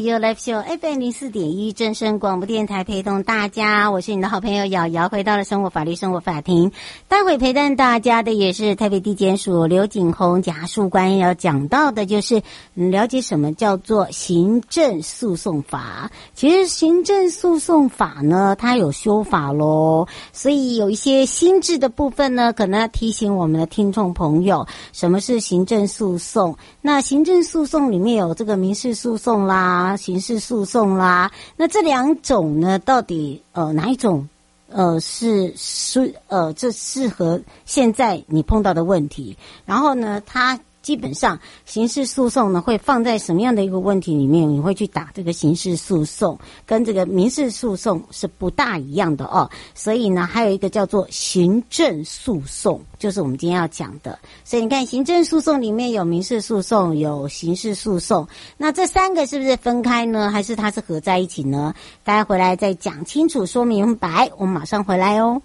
Your Life Show FM 零四點一，正聲廣播電台，陪同大家，我是你的好朋友瑤瑤。回到了生活法律生活法庭，待會陪伴大家的也是台北地檢署劉璟鴻檢察事務官，要講到的，就是、嗯、了解什麼叫做行政訴訟法。其實行政訴訟法呢，它有修法嘍，所以有一些新制的部分呢，可能要提醒我們的聽眾朋友，什麼是行政訴訟？那行政訴訟裡面有這個民事訴訟啦。啊，刑事訴訟啦，那這兩種呢，到底呃哪一種，呃是適呃這適合現在你碰到的問題？然後呢，他。基本上，刑事訴訟呢會放在什麼樣的一個問題裡面？你會去打這個刑事訴訟，跟這個民事訴訟是不大一樣的哦。所以呢，還有一個叫做行政訴訟，就是我們今天要講的。所以你看，行政訴訟裡面有民事訴訟，有刑事訴訟。那這三個是不是分開呢？還是它是合在一起呢？大家回來再講清楚、說明白。我們馬上回來哦。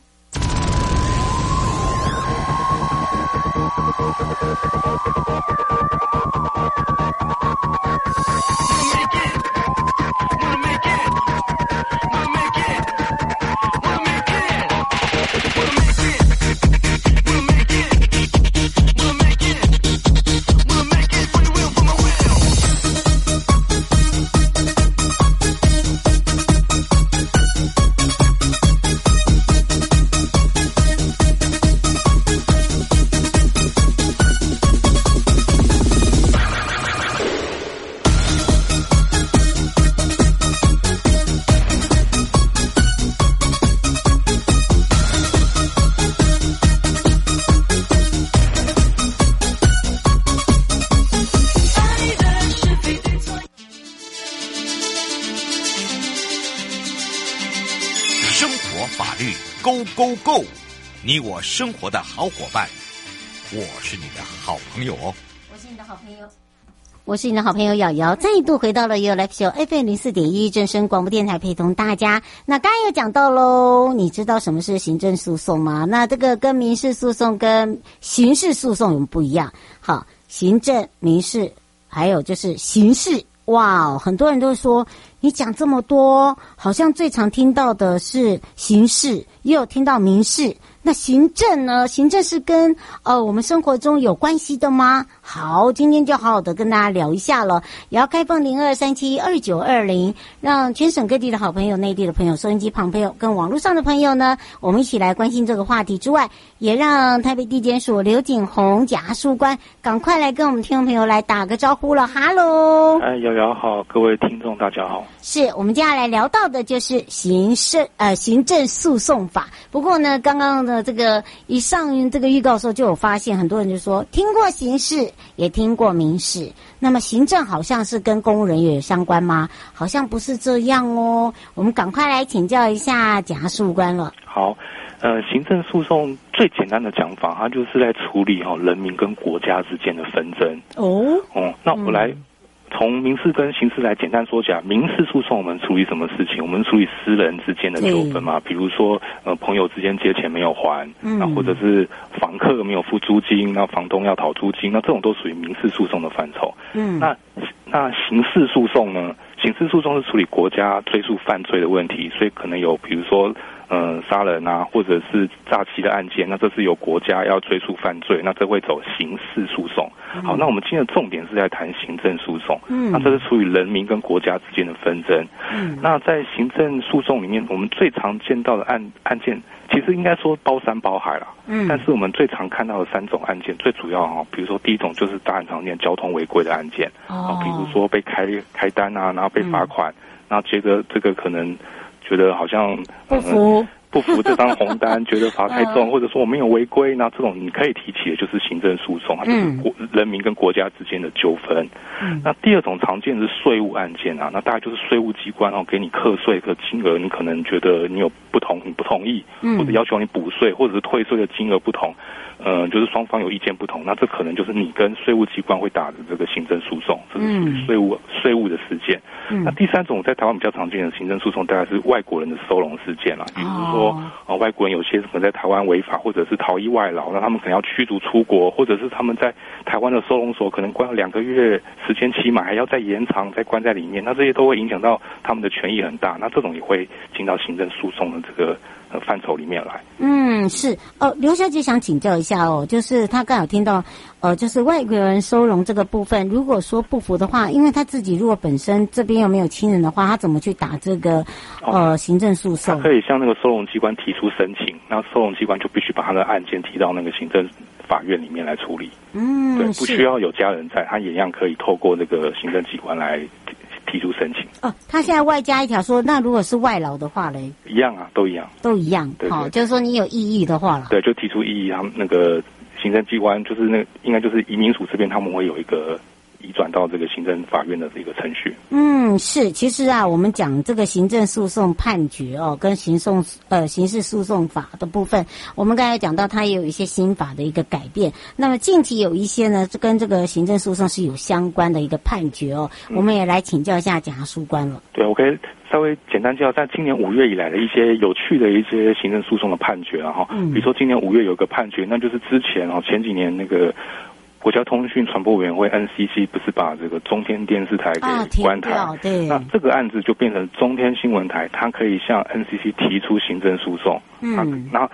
Go Go Go，你我生活的好夥伴，我是你的好朋友哦。我是你的好朋友，我是你的好朋友瑤瑤，再一度回到了 Your Life Show FM 零四點一正聲廣播電臺，陪同大家。那剛剛又講到嘍，你知道什麼是行政訴訟嗎？那這個跟民事訴訟、跟刑事訴訟有沒有不一樣？好，行政、民事，還有就是刑事。哇哦，wow，很多人都說你講這麼多，好像最常聽到的是刑事，也有聽到民事。那行政呢？行政是跟呃我們生活中有關係的嗎？好，今天就好好的跟大家聊一下了。也要開放零二三七二九二零，讓全省各地的好朋友、內地的朋友、收音機旁朋友跟網絡上的朋友呢，我們一起來關心這個話題之外，也讓台北地檢署劉璟鴻檢事官趕快來跟我們聽眾朋友來打個招呼了。哈嘍，哎，瑤瑤好，各位聽眾大家好。是我們接下來聊到的就是刑事呃行政訴訟法。不過呢，剛剛。呃，這個一上映這個預告的時候，就有發現很多人就說聽過刑事，也聽過民事。那麼行政好像是跟公務人員有相關嗎？好像不是這樣哦。我們趕快來請教一下檢察事務官了。好，呃，行政訴訟最簡單的講法，它就是在處理好、哦、人民跟國家之間的紛爭。哦，哦，那我們來。嗯從民事跟刑事來簡單說起來，民事訴訟我們處理什麼事情？我們處理私人之間的糾紛嘛，比如說呃，朋友之間借錢沒有還，嗯，或者是房客沒有付租金，那房東要討租金，那這種都屬於民事訴訟的範疇。嗯，那那刑事訴訟呢？刑事訴訟是處理國家追訴犯罪的問題，所以可能有比如說。嗯，殺人啊，或者是詐欺的案件，那這是有國家要追訴犯罪，那這會走刑事訴訟。嗯、好，那我們今天的重點是在談行政訴訟。嗯，那這是處於人民跟國家之間的紛爭。嗯，那在行政訴訟裡面，我們最常見到的案案件，其實應該說包山包海了。嗯，但是我們最常看到的三種案件，最主要哈、哦，比如說第一種就是大家常見交通違規的案件。哦，比如說被開開單啊，然後被罰款，嗯、然後接着這個可能。覺得好像不服。嗯 不服這張紅單，覺得罰太重，或者說我沒有違規，那這種你可以提起的就是行政訴訟啊，它就是國、嗯、人民跟國家之間的糾紛。嗯、那第二種常見的是稅務案件啊，那大概就是稅務機關哦、啊、給你課稅的金額，你可能覺得你有不同，你不同意，嗯、或者要求你補稅或者是退稅的金額不同，嗯、呃，就是雙方有意見不同，那這可能就是你跟稅務機關會打的這個行政訴訟，這是稅務稅務的事件。嗯、那第三種在台灣比較常見的行政訴訟，大概是外國人的收容事件了，比如說、哦。說、哦、啊，外國人有些可能在台灣違法，或者是逃逸外勞，那他們可能要驅逐出國，或者是他們在台灣的收容所可能關了兩個月時間期滿，還要再延長再關在裡面，那這些都會影響到他們的權益很大，那這種也會進到行政訴訟的這個。呃，範疇裡面來，嗯，是哦，呃，劉小姐想請教一下哦，就是她剛好聽到，呃，就是外國人收容這個部分，如果說不服的話，因為他自己如果本身這邊又沒有親人的話，他怎麼去打這個呃行政訴訟？哦，他可以向那個收容機關提出申請，那收容機關就必須把他的案件提到那個行政法院裡面來處理。嗯，對，不需要有家人在，是他也一樣可以透過那個行政機關來。提出申請哦，他現在外加一條說，那如果是外勞的話嘞，一樣啊，都一樣，都一樣，對對對，好，就是說你有異議的話了，對，就提出異議，他們那個行政機關就是那個，應該就是移民署這邊，他們會有一個。轉到這個行政法院的這個程序。嗯，是，其實啊，我們講這個行政訴訟判決哦，跟呃刑事訴訟法的部分，我們剛才講到，它也有一些新法的一個改變。那麼近期有一些呢，跟這個行政訴訟是有相關的一個判決哦，我們也來請教一下檢察事務官了、嗯。對，我可以稍微簡單介紹在今年五月以來的一些有趣的一些行政訴訟的判決啊哈，嗯、比如說今年五月有個判決，那就是之前哦前幾年那個。國家通訊傳播委員會 NCC 不是把這個中天電視台給關台？啊、對，那這個案子就變成中天新聞台，它可以向 NCC 提出行政訴訟。嗯，那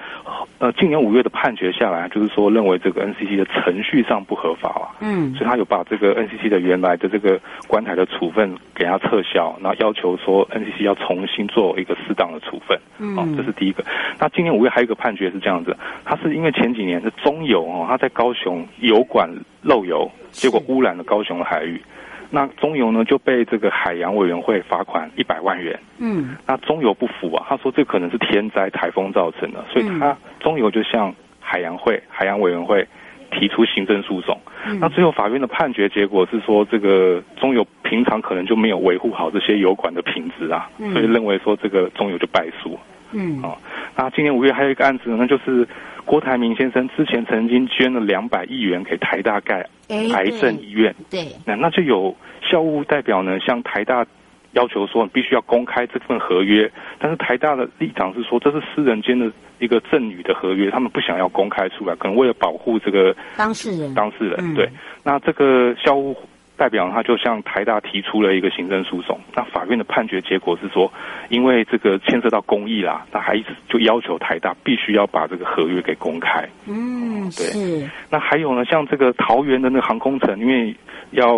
呃，今年五月的判決下來，就是說認為這個 NCC 的程序上不合法。嗯，所以他有把這個 NCC 的原來的這個關台的處分給它撤銷，那要求說 NCC 要重新做一個適當的處分。嗯、哦，這是第一個。那今年五月還有一個判決是這樣子，它是因為前幾年是中油哦，它在高雄油管，漏油，結果污染了高雄的海域。是那中油呢，就被這個海洋委員會罰款一百萬元。嗯。那中油不服啊，他說這可能是天災台風造成的，所以他中油就向海洋會海洋委員會提出行政訴訟。嗯。那最後法院的判決結果是說，這個中油平常可能就沒有維護好這些油管的品質啊，所以認為說這個中油就敗訴。嗯。啊啊，那今年五月還有一個案子呢，那就是郭台銘先生之前曾經捐了兩百億元給台大蓋癌症醫院。對，對，那那就有校務代表呢，向台大要求說，你必須要公開這份合約。但是台大的立場是說，這是私人間的一個贈與的合約，他們不想要公開出來，可能為了保護這個當事人、當事人。對，那這個校務。代表他就向台大提出了一個行政訴訟，那法院的判決結果是說，因為這個牽涉到公益啦，那還一直就要求台大必須要把這個合約給公開。嗯，對。那還有呢，像這個桃園的那個航空城，因為要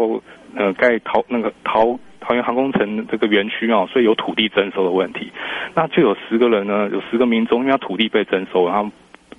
呃蓋桃那個桃桃園航空城這個園區啊，所以有土地徵收的問題，那就有十個人呢，有十個民眾，因為他土地被徵收，然後。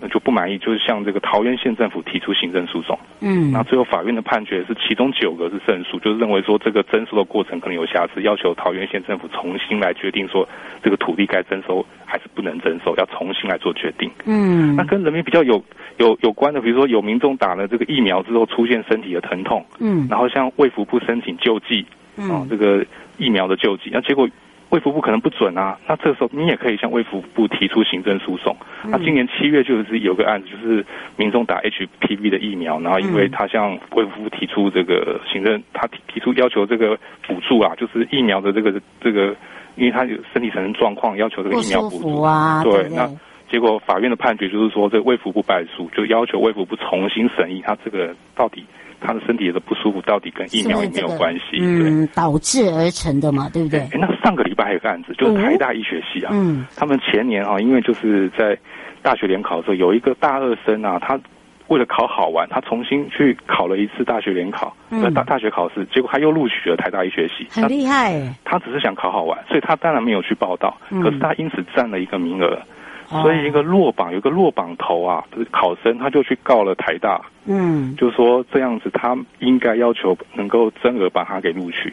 那就不滿意，就是向這個桃園縣政府提出行政訴訟。嗯，那最後法院的判決是其中九個是勝訴，就是認為說這個徵收的過程可能有瑕疵，要求桃園縣政府重新來決定說這個土地該徵收還是不能徵收，要重新來做決定。嗯，那跟人民比較有有有關的，比如說有民眾打了這個疫苗之後出現身體的疼痛，嗯，然後向衛福部申請救濟，嗯、啊，這個疫苗的救濟，那、啊、結果。衛福部可能不准啊，那這個時候你也可以向衛福部提出行政訴訟。嗯、那今年七月就是有個案子，就是民眾打 HPV 的疫苗，然後因為他向衛福部提出這個行政，他提提出要求這個補助啊，就是疫苗的這個這個，因為他有身體產生狀況，要求這個疫苗補助啊。對，對對對，那結果法院的判決就是說，這個衛福部敗訴，就要求衛福部重新審議他這個到底。他的身體也是不舒服，到底跟疫苗有沒有是是、這個、關係？對嗯，導致而成的嘛，對不對？那上個禮拜還有個案子，就是、台大醫學系啊，嗯，他們前年啊，因為就是在大學聯考的時候，有一個大二生啊，他為了考好玩，他重新去考了一次大學聯考，嗯呃、大大學考試，結果他又錄取了台大醫學系，很厲害、欸他。他只是想考好玩，所以他當然沒有去報到，嗯、可是他因此佔了一個名額。所以一個落榜，有一個落榜頭啊，是考生他就去告了台大，嗯，就說這樣子他應該要求能夠增額把他給錄取，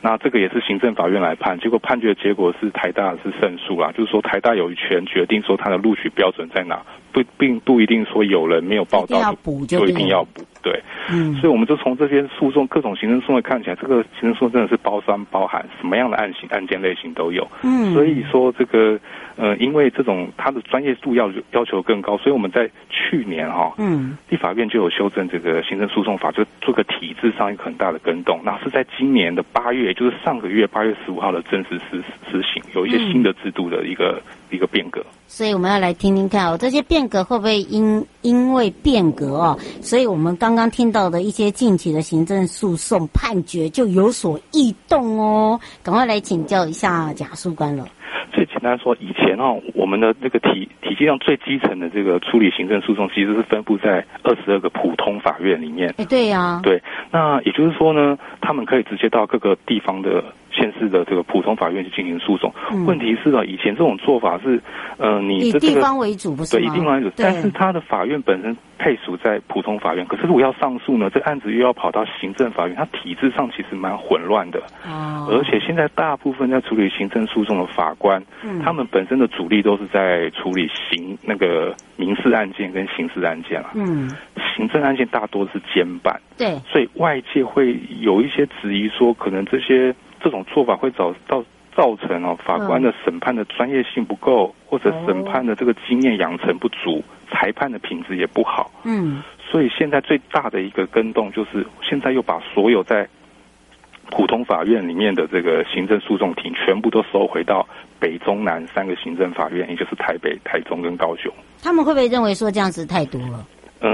那這個也是行政法院來判，結果判決的結果是台大是勝訴啦，就是說台大有權決定說他的錄取標準在哪，不並不一定說有人沒有報到就一定要補就，就一定要補，對，嗯，所以我們就從這些訴訟各種行政訴訟看起來，這個行政訴訟真的是包山包海，什麼樣的案型、案件類型都有，嗯，所以說這個。呃，因為這種它的專業度要要求更高，所以我們在去年哈、哦、嗯，立法院就有修正這個行政訴訟法，就做個體制上一個很大的更動。那是在今年的八月，就是上個月八月十五號的正式施、施行，有一些新的制度的一個、嗯、一個變革。所以我們要來聽聽看哦，這些變革會不會因因為變革哦，所以我們剛剛聽到的一些近期的行政訴訟判決就有所異動哦，趕快來請教一下檢事官了。最簡單說，以前哦，我們的那個體體系上最基層的這個處理行政訴訟，其實是分布在二十二個普通法院裡面。欸、對呀、啊，對，那也就是說呢，他們可以直接到各個地方的，縣市的這個普通法院去進行訴訟，嗯、問題是呢，以前這種做法是，呃，你這、這個、以地方為主不是嗎？對，以地方為主，對但是他的法院本身配屬在普通法院，對可是如果要上訴呢，這案子又要跑到行政法院，他體制上其實蠻混亂的。啊、哦，而且現在大部分在處理行政訴訟的法官，嗯、他們本身的主力都是在處理刑那個民事案件跟刑事案件了。嗯，行政案件大多是兼辦。對，所以外界會有一些質疑說，可能這些。這種做法會造造造成哦法官的審判的專業性不夠，或者審判的這個經驗養成不足，裁判的品質也不好。嗯，所以現在最大的一個更動就是，現在又把所有在普通法院裡面的這個行政訴訟庭，全部都收回到北中南三個行政法院，也就是台北、台中跟高雄。他們會不會認為說這樣子太多了？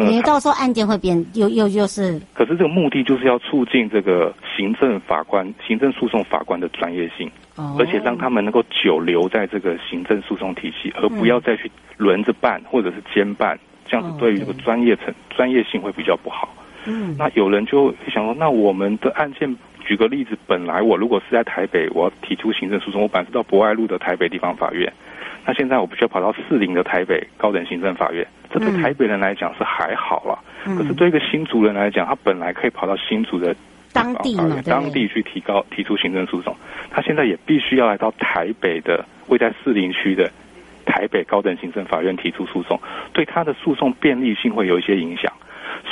你、嗯、到時候案件會變又又又是，可是這個目的就是要促進這個行政法官、行政訴訟法官的專業性，哦、而且讓他們能夠久留在這個行政訴訟體系，而不要再去輪着辦或者是兼辦，嗯、這樣子對於這個專業程、哦 okay、專業性會比較不好。嗯，那有人就想說，那我們的案件，舉個例子，本來我如果是在台北，我要提出行政訴訟，我本來是到博愛路的台北地方法院。那現在我必須要跑到士林的台北高等行政法院，這對台北人來講是還好了，嗯、可是對一個新竹人來講，他本來可以跑到新竹的當地，當地去提高提出行政訴訟，他現在也必須要來到台北的位在士林區的台北高等行政法院提出訴訟，對他的訴訟便利性會有一些影響，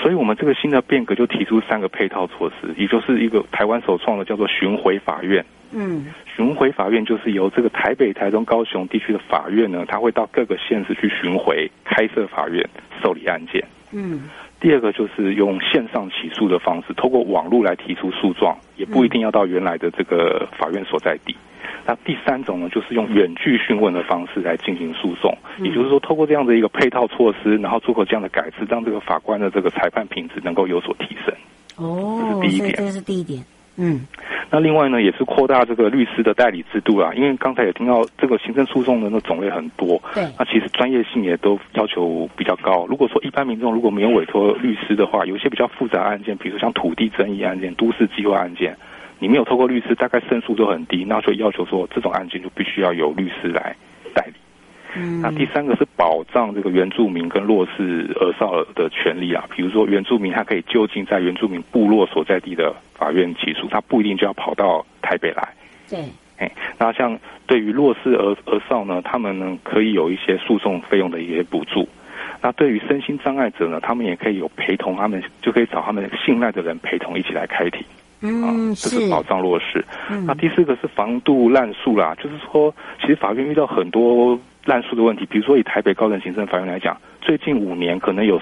所以我們這個新的變革就提出三個配套措施，也就是一個台灣首創的叫做巡回法院。嗯，巡迴法院就是由這個台北、台中、高雄地區的法院呢，他會到各個縣市去巡迴開設法院受理案件。嗯，第二個就是用線上起訴的方式，透過網絡來提出訴狀，也不一定要到原來的這個法院所在地。嗯、那第三種呢，就是用遠距訊問的方式來進行訴訟。嗯、也就是說，透過這樣的一個配套措施，然後做個這樣的改制，讓這個法官的這個裁判品質能夠有所提升。哦，這是第一點，這是第一點。嗯，那另外呢，也是擴大這個律師的代理制度啦，因為剛才也聽到這個行政訴訟的那種類很多，對，那其實專業性也都要求比較高。如果說一般民眾如果沒有委託律師的話，有一些比較複雜案件，比如說像土地爭議案件、都市計劃案件，你沒有透過律師，大概勝訴都很低，那就要求說這種案件就必須要由律師來代理。嗯，那第三個是保障這個原住民跟弱勢兒少的權利啊，比如說原住民他可以就近在原住民部落所在地的法院起訴，他不一定就要跑到台北來。對，哎，那像對於弱勢兒兒少呢，他們呢可以有一些訴訟費用的一些補助。那對於身心障礙者呢，他們也可以有陪同，他們就可以找他們信賴的人陪同一起來開庭。嗯，這、啊就是保障弱勢。嗯、那第四個是防杜濫訴啦，就是說其實法院遇到很多。濫訴的問題，比如說以台北高等行政法院來講，最近五年可能有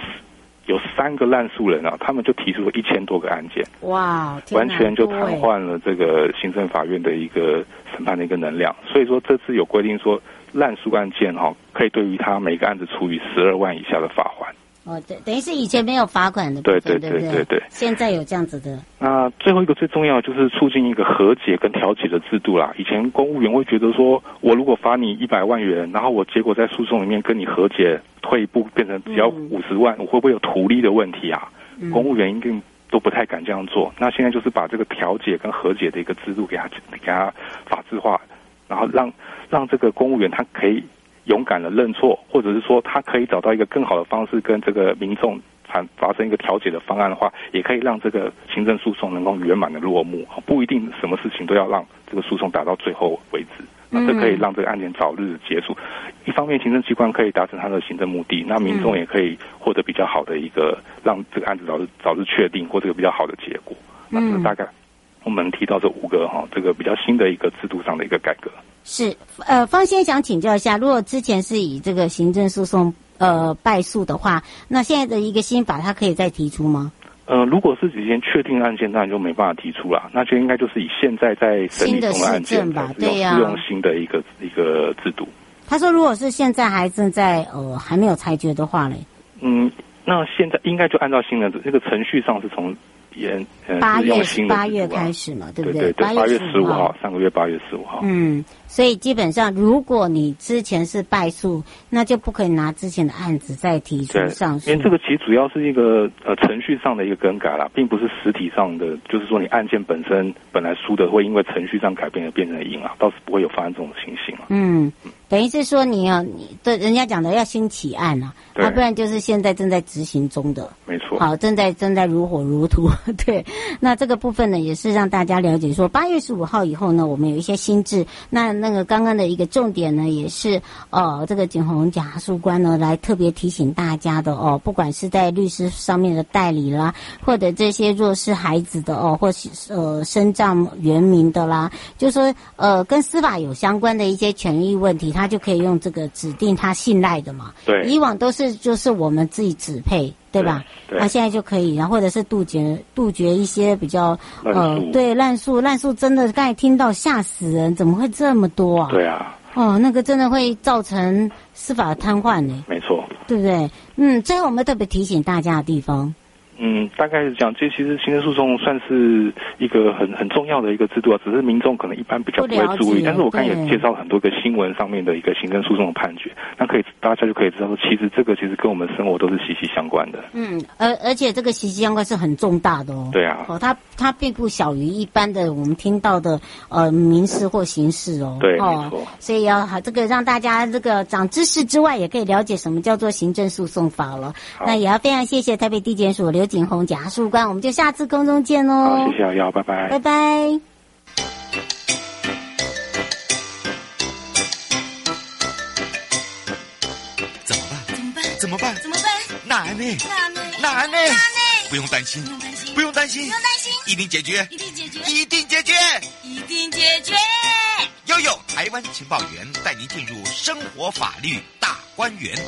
有三個濫訴人啊，他們就提出了一千多個案件，哇，完全就癱瘓了這個行政法院的一個審判的一個能量。所以說這次有規定說，濫訴案件哈、啊，可以對於他每個案子處以十二萬以下的罰款。哦，對，等於是以前沒有罰款的部分，對對對對對，對，對，現在有這樣子的。那最後一個最重要就是促進一個和解跟調解的制度啦。以前公務員會覺得說，我如果罰你一百萬元，然後我結果在訴訟裡面跟你和解退，退一步變成只要五十萬，嗯、我會不會有圖利的問題啊？嗯、公務員一定都不太敢這樣做。那現在就是把這個調解跟和解的一個制度給他給他法制化，然後讓讓這個公務員他可以。勇敢的認錯，或者是說他可以找到一個更好的方式跟這個民眾產發生一個調解的方案的話，也可以讓這個行政訴訟能夠圓滿的落幕，不一定什麼事情都要讓這個訴訟達到最後為止，那這可以讓這個案件早日結束。一方面，行政機關可以達成它的行政目的，那民眾也可以獲得比較好的一個讓這個案子早日早日確定或這個比較好的結果。那這個大概。我們提到這五個哈，這個比較新的一個制度上的一個改革是呃，方先想請教一下，如果之前是以這個行政訴訟呃敗訴的話，那現在的一個新法，它可以再提出嗎？呃，如果是已經確定案件，當然就沒辦法提出了，那就應該就是以現在在審理的案件的政吧，對呀、啊，用新的一個一個制度。他說，如果是現在還正在呃還沒有裁決的話呢？嗯，那現在應該就按照新的這個程序上是從。八 Yeah, yeah, 八月八月開始嘛，對不對？八月十五號，上個月八月十五號。嗯，所以基本上，如果你之前是敗訴，那就不可以拿之前的案子再提出上訴。因為這個其實主要是一個呃程序上的一個更改了，並不是實體上的，就是說你案件本身本來輸的，會因為程序上改變而變成贏啊，倒是不會有發生這種情形了啊。嗯。等於是說你要、啊、你對人家講的要新起案啊，要對、啊、不然就是現在正在執行中的，沒錯錯。好，正在正在如火如荼。對，那這個部分呢，也是讓大家了解說，八月十五號以後呢，我們有一些新制。那那個剛剛的一個重點呢，也是哦、呃，這個璟鴻檢事官呢來特別提醒大家的哦、呃，不管是在律師上面的代理啦，或者這些弱勢孩子的哦、呃，或是呃身障原民的啦，就是、說呃跟司法有相關的一些權益問題，他。他就可以用這個指定他信賴的嘛？對，以往都是就是我們自己指配，對，對吧？對。那、啊、現在就可以，然後或者是杜絕杜絕一些比較呃，數對濫訴濫訴真的是剛才聽到嚇死人，怎麼會這麼多啊？對啊。哦，那個真的會造成司法癱瘓呢。沒錯錯。對不對，對？嗯，最後我們特別提醒大家的地方。嗯，大概是講，這其實行政訴訟算是一個很很重要的一個制度啊，只是民眾可能一般比較不會注意。但是我看也介紹了很多個新聞上面的一個行政訴訟的判決，那對可以大家就可以知道說，其實這個其實跟我們生活都是息息相關的。嗯，而而且這個息息相關是很重大的哦。對啊。哦，它它並不小於一般的我們聽到的呃民事或刑事哦。對，哦、沒錯。所以要好，這個讓大家這個長知識之外，也可以了解什麼叫做行政訴訟法了。好那也要非常謝謝台北地檢署劉。劉璟鴻檢察事務官，我們就下次空中見嘍！好，謝謝小姚，拜拜，拜拜。怎麼辦？怎麼辦？怎麼辦？怎麼辦？男的，男的，男的，不用擔心，不用擔心，不用擔心，一定解決，一定解決，一定解決，一定解決。悠悠台灣情報員帶您進入生活法律大觀園。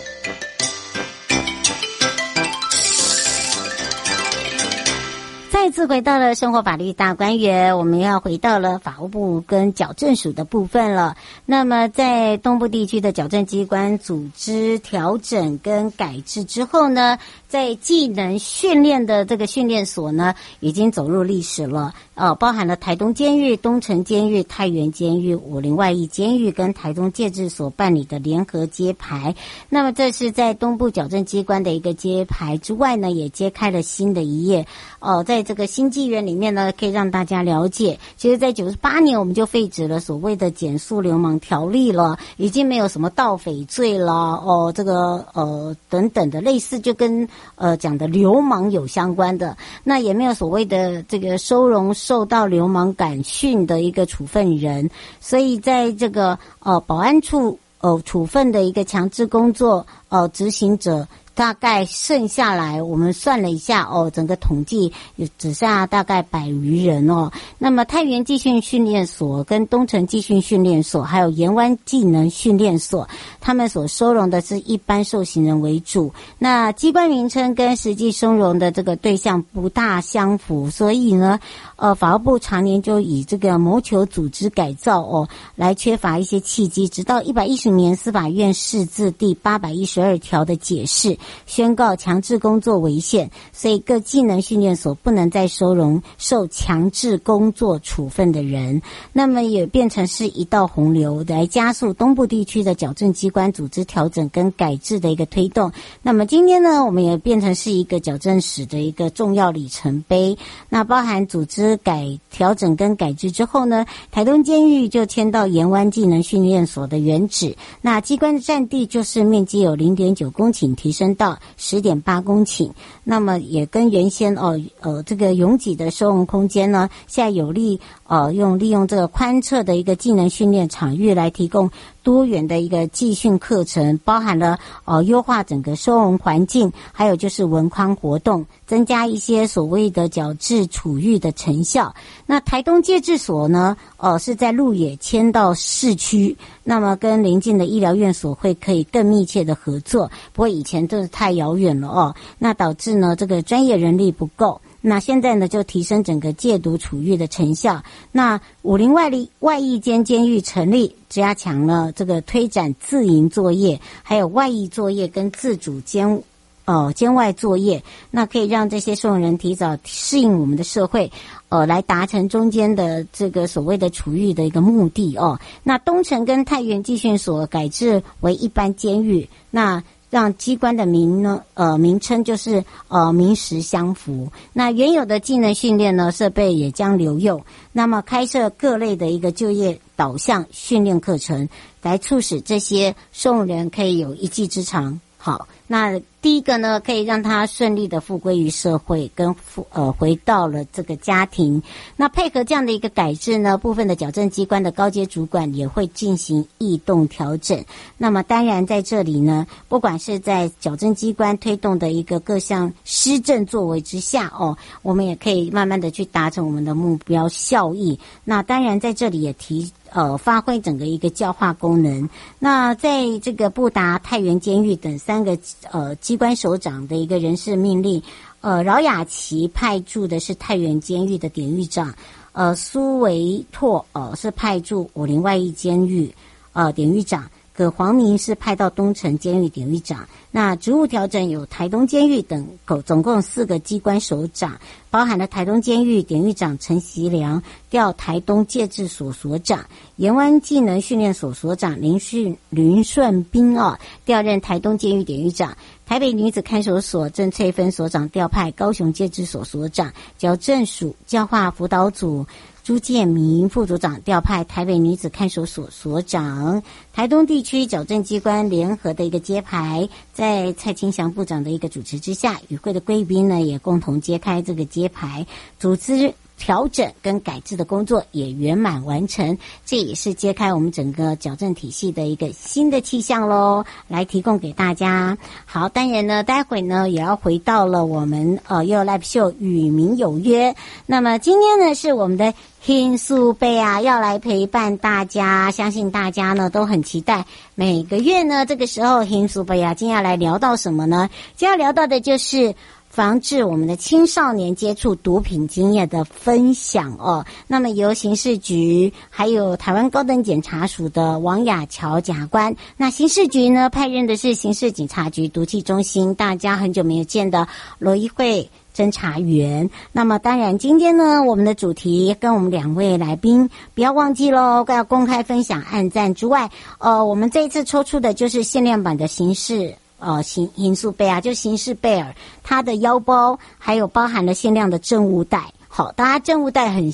再次回到了生活法律大觀園，我們要回到了法務部跟矯正署的部分了。那麼，在東部地區的矯正機關組織調整跟改制之後呢，在技能訓練的這個訓練所呢，已經走入歷史了。哦、呃，包含了台東監獄、東成監獄、泰源監獄、武陵外役監獄跟台東戒治所辦理的聯合揭牌。那麼，這是在東部矯正機關的一個揭牌之外呢，也揭開了新的一頁。哦、呃，在這個。這個新紀元裡面呢，可以讓大家了解，其實，在九十八年我們就廢止了所謂的《檢肅流氓條例》了，已經沒有什麼盜匪罪了。哦，這個呃等等的類似，就跟呃講的流氓有相關的，那也沒有所謂的這個收容受到流氓感訓的一個處分人，所以在這個呃保安處呃處分的一個強制工作呃執行者。大概剩下來，我們算了一下哦，整個統計只剩下大概百餘人哦。那麼泰源技能訓練所，跟東成技能訓練所，還有岩灣技能訓練所，他們所收容的是一般受刑人為主。那機關名稱跟實際收容的這個對象不大相符，所以呢。呃，法務部常年就以這個謀求組織改造哦，來缺乏一些契機。直到一百一十年司法院釋字第八百一十二條的解釋，宣告強制工作違憲。所以各技能訓練所不能再收容受強制工作處分的人。那麼也變成是一道洪流，來加速東部地區的矯正機關組織調整跟改制的一個推動。那麼今天呢，我們也變成是一個矯正史的一個重要里程碑。那包含組織。改調整跟改制之後呢，台東監獄就遷到岩灣技能訓練所的原址，那機關的占地就是面積有零點九公頃，提升到十點八公頃，那麼也跟原先哦呃這個擁擠的收容空間呢，現在有利。呃、哦，用利用這個寬測的一個技能訓練場域來提供多元的一個技訓課程，包含了呃、哦、優化整個收容環境，還有就是文康活動，增加一些所謂的矯治儲育的成效。那台東戒治所呢，呃、哦，是在鹿野遷到市區，那麼跟鄰近的醫療院所會可以更密切的合作，不過以前就是太遙遠了哦，那導致呢，這個專業人力不夠。那現在呢，就提升整個戒毒處遇的成效。那武陵外力、外役監監獄成立，加強了這個推展自營作業，還有外役作業跟自主監哦監外作業，那可以讓這些受刑人提早適應我們的社會，哦、呃，來達成中間的這個所謂的處遇的一個目的哦。那東成跟泰源技訓所改制為一般監獄，那。讓機關的名呢，呃，名稱就是呃名實相符。那原有的技能訓練呢，設備也將留用。那麼開設各類的一個就業導向訓練課程，來促使這些送人可以有一技之長。好，那第一個呢，可以讓他順利的復歸於社會，跟復呃回到了這個家庭。那配合這樣的一個改制呢，部分的矯正機關的高階主管也會進行異動調整。那麼當然在這裡呢，不管是在矯正機關推動的一個各項施政作為之下哦，我們也可以慢慢的去達成我們的目標效益。那當然在這裡也提。呃，發揮整個一個教化功能。那在這個布達太原監獄等三個呃機關首長的一個人事命令，呃，饒雅琪派駐的是太原監獄的典獄長，呃，蘇維拓呃是派駐武林外役監獄呃，典獄長。葛黃明是派到東城監獄典獄長，那職務調整有台東監獄等，總共四個機關首長，包含了台東監獄典獄長陳錫良調台東戒治所所長，岩灣技能訓練所所長林順林順斌啊調任台東監獄典獄長，台北女子看守所鄭翠芬所長調派高雄戒治所所長，矯正署教化輔導組。朱建明副組長調派台北女子看守所所長，台東地區矯正機關聯合的一個揭牌，在蔡清祥部長的一個主持之下，與會的貴賓呢也共同揭開這個揭牌，組織。調整跟改制的工作也圓滿完成，這也是揭開我們整個矯正體系的一個新的氣象嘍，來提供給大家。好，當然呢，待會呢也要回到了我們呃，又賴皮秀與民有約。那麼今天呢是我們的辛蘇貝啊要來陪伴大家，相信大家呢都很期待。每個月呢這個時候、啊，辛蘇貝啊今天要來聊到什麼呢？今天要聊到的就是。防止我們的青少年接觸毒品經驗的分享哦。那麼由刑事局還有台灣高等檢察署的王雅喬檢察官，那刑事局呢派任的是刑事警察局毒氣中心，大家很久沒有見的羅一慧偵查員。那麼當然今天呢，我們的主題跟我們兩位來賓，不要忘記嘍，要公開分享按讚之外，呃，我們這一次抽出的就是限量版的刑事。哦，行銀速貝啊，就行事貝爾，它的腰包還有包含了限量的證物袋。好，大家證物袋很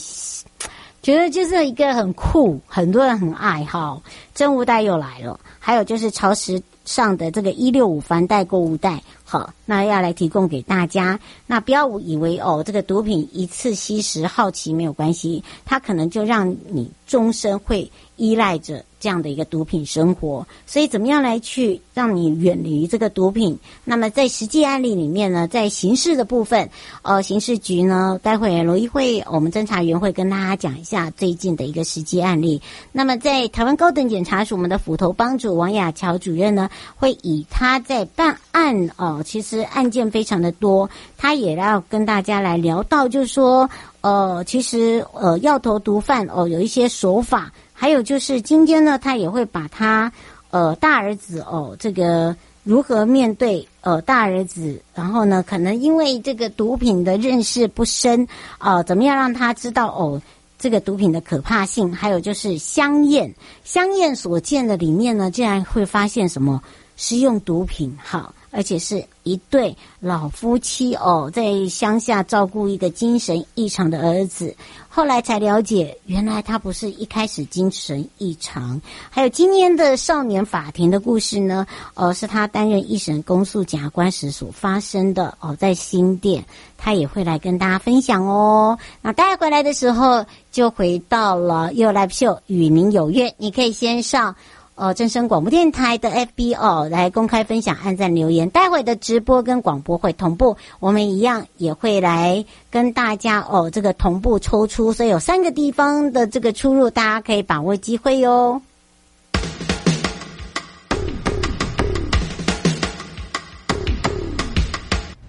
覺得就是一個很酷，很多人很愛好，證物袋又來了，還有就是超時尚的這個一六五帆袋購物袋。好，那要來提供給大家。那不要以為哦，這個毒品一次吸食好奇沒有關係，它可能就讓你終身會依賴着。這樣的一個毒品生活，所以怎麼樣來去讓你遠離這個毒品？那麼在實際案例裡面呢，在刑事的部分，呃，刑事局呢，待會兒羅一會，我們偵查員會跟大家講一下最近的一個實際案例。那麼在台灣高等檢察署，我們的斧頭幫主王雅喬主任呢，會以他在辦案哦，呃，其實案件非常的多，他也要跟大家來聊到，就是說，呃，其實呃，藥頭毒販哦，呃，有一些手法。還有就是今天呢，他也會把他，呃，大兒子哦，這個如何面對呃大兒子，然後呢，可能因為這個毒品的認識不深啊、呃，怎麼樣讓他知道哦，這個毒品的可怕性？還有就是相驗，相驗所見的裡面呢，竟然會發現什麼施用毒品好。而且是一對老夫妻哦，在鄉下照顧一個精神異常的兒子。後來才了解，原來他不是一開始精神異常。還有今天的少年法庭的故事呢，哦，是他擔任一審公訴檢察官時所發生的哦。在新店，他也會來跟大家分享哦。那大家回來的時候，就回到了又來秀與您有約，你可以先上，哦，正聲廣播電台的 FB O、哦、來公開分享、按讚、留言，待會的直播跟廣播會同步，我們一樣也會來跟大家哦，這個同步抽出，所以有三個地方的這個出入，大家可以把握機會喲。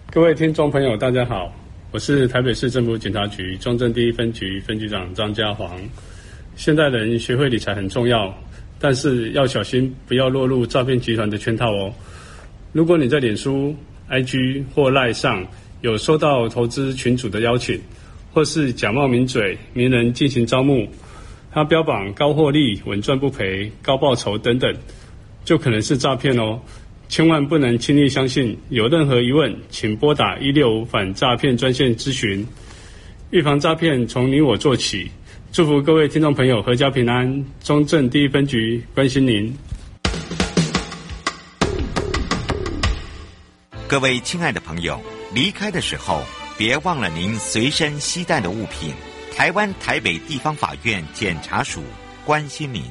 各位聽眾朋友，大家好，我是台北市政府警察局中正第一分局分局長張家煌。現代人學會理財很重要。但是要小心，不要落入詐騙集團的圈套哦。如果你在臉書、IG 或賴上有收到投資群組的邀請，或是假冒名嘴、名人進行招募，他標榜高獲利、穩賺不賠、高報酬等等，就可能是詐騙哦。千萬不能輕易相信。有任何疑問，請撥打一六五反詐騙專線諮詢。預防詐騙，從你我做起。祝福各位聽眾朋友合家平安。中正第一分局關心您。各位親愛的朋友，離開的時候別忘了您隨身攜帶的物品。台灣台北地方法院檢察署關心您。